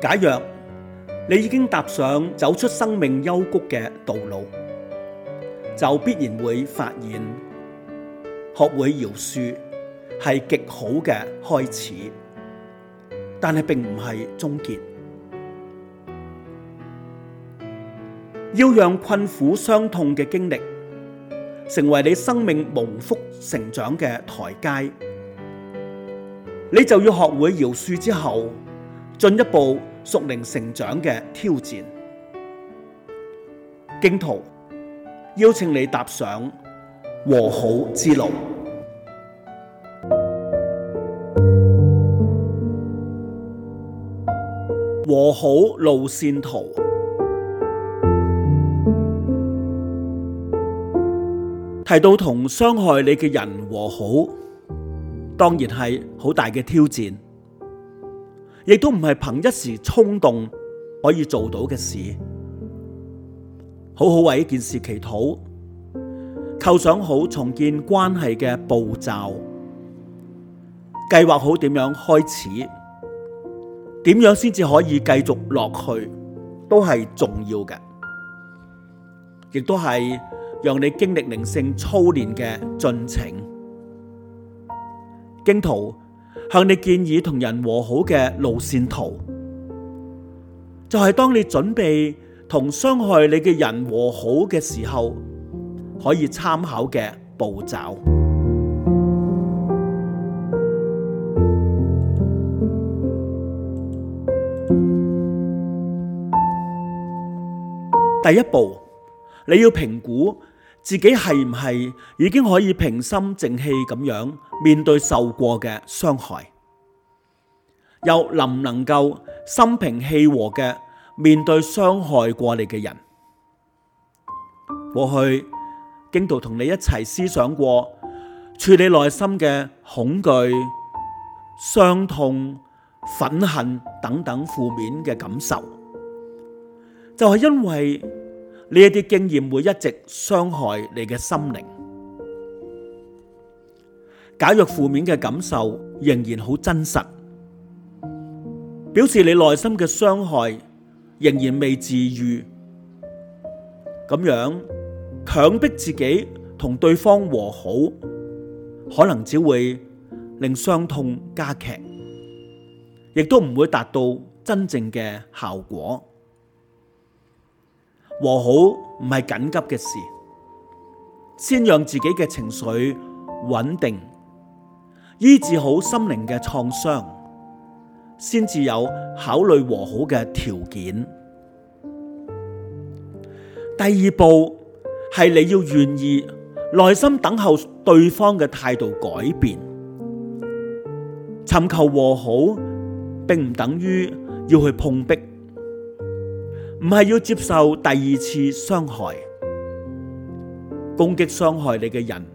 假若你已經踏上走出生命幽谷嘅道路，就必然會發現學會饒恕係極好嘅開始，但係並唔係終結。要讓困苦傷痛嘅經歷成為你生命蒙福成長嘅台階，你就要學會饒恕之後進一步。熟齡成長嘅挑戰，荊徒邀請你踏上和好之路。和好路線圖提到同傷害你嘅人和好，當然係好大嘅挑戰。亦都唔係憑一時衝動可以做到嘅事，好好為呢件事祈禱，構想好重建關係嘅步驟，計劃好點樣開始，點樣先至可以繼續落去，都係重要嘅，亦都係讓你經歷靈性操練嘅進程，荊徒。向你建議同人和好嘅路線圖，就係當你準備同傷害你嘅人和好嘅時候，可以參考嘅步驟。第一步，你要評估。自己係唔係已經可以平心靜氣咁樣面對受過嘅傷害，又能唔能夠心平氣和嘅面對傷害過你嘅人？過去經度同你一齊思想過，處理內心嘅恐懼、傷痛、憤恨等等負面嘅感受，就係因為。呢一啲經驗會一直傷害你嘅心靈。假若負面嘅感受仍然好真實，表示你內心嘅傷害仍然未治癒。咁樣強迫自己同對方和好，可能只會令傷痛加劇，亦都唔會達到真正嘅效果。和好唔係緊急嘅事，先讓自己嘅情緒穩定，醫治好心靈嘅創傷，先至有考慮和好嘅條件。第二步係你要願意耐心等候對方嘅態度改變，尋求和好，並唔等於要去碰壁。唔係要接受第二次傷害，攻擊傷害你嘅人，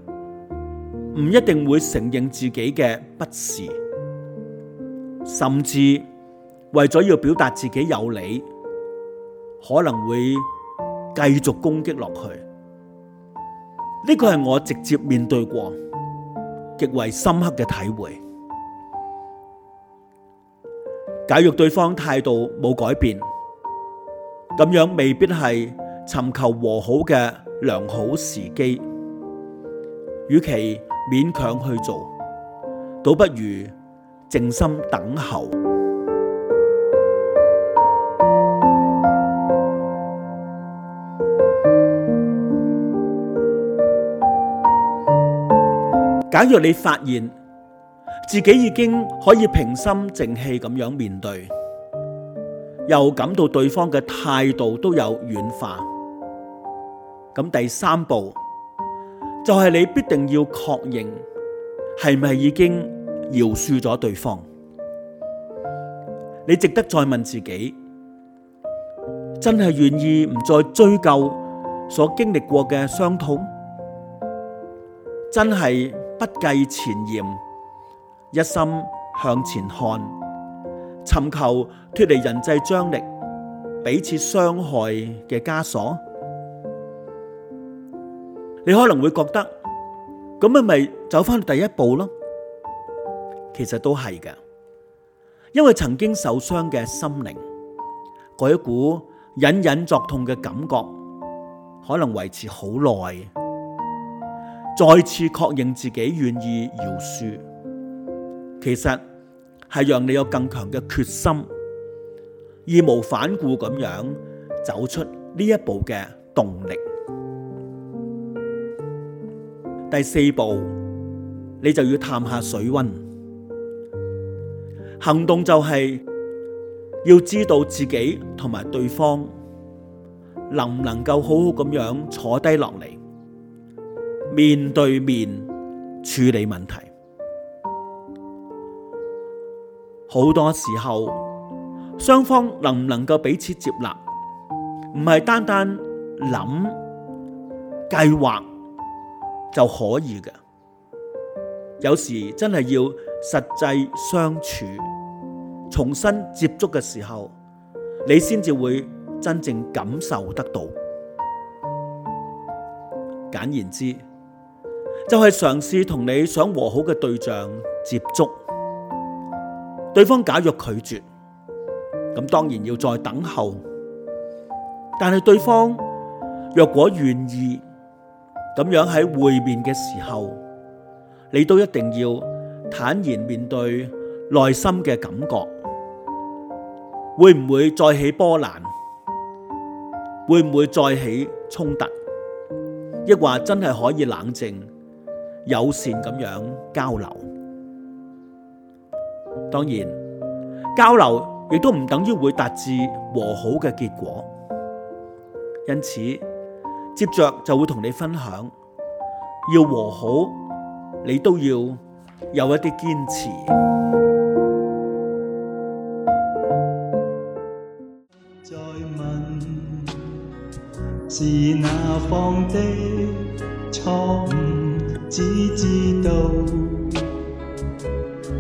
唔一定會承認自己嘅不是，甚至為咗要表達自己有理，可能會繼續攻擊落去。呢個係我直接面對過，極為深刻嘅體會。假若對方態度冇改變，咁樣未必係尋求和好嘅良好時機，與其勉強去做，倒不如靜心等候。假若你發現自己已經可以平心靜氣咁樣面對。又感到對方嘅態度都有軟化。咁第三步就係你必定要確認係咪已經饒恕咗對方。你值得再問自己，真係願意唔再追究所經歷過嘅傷痛，真係不計前嫌，一心向前看。尋求脫離人際張力、彼此傷害嘅枷鎖，你可能會覺得咁咪咪走返第一步咯。其實都係噶，因為曾經受傷嘅心靈，嗰一股隱隱作痛嘅感覺，可能維持好耐。再次確認自己願意饒恕，其實。係讓你有更強嘅決心，義無反顧咁樣走出呢一步嘅動力。第四步，你就要探下水溫。行動就係要知道自己同埋對方能唔能夠好好咁樣坐低落嚟，面對面處理問題。好多時候，雙方能唔能夠彼此接納，唔係單單諗計劃就可以嘅。有時真係要實際相處、重新接觸嘅時候，你先至會真正感受得到。簡言之，就係、是、嘗試同你想和好嘅對象接觸。對方假若拒絕，咁當然要再等候。但係對方若果願意，咁樣喺會面嘅時候，你都一定要坦然面對內心嘅感覺，會唔會再起波瀾？會唔會再起衝突？抑或真係可以冷靜、友善咁樣交流？當然，交流亦都唔等於會達至和好嘅結果，因此，接着就會同你分享，要和好，你都要有一啲堅持。再問是哪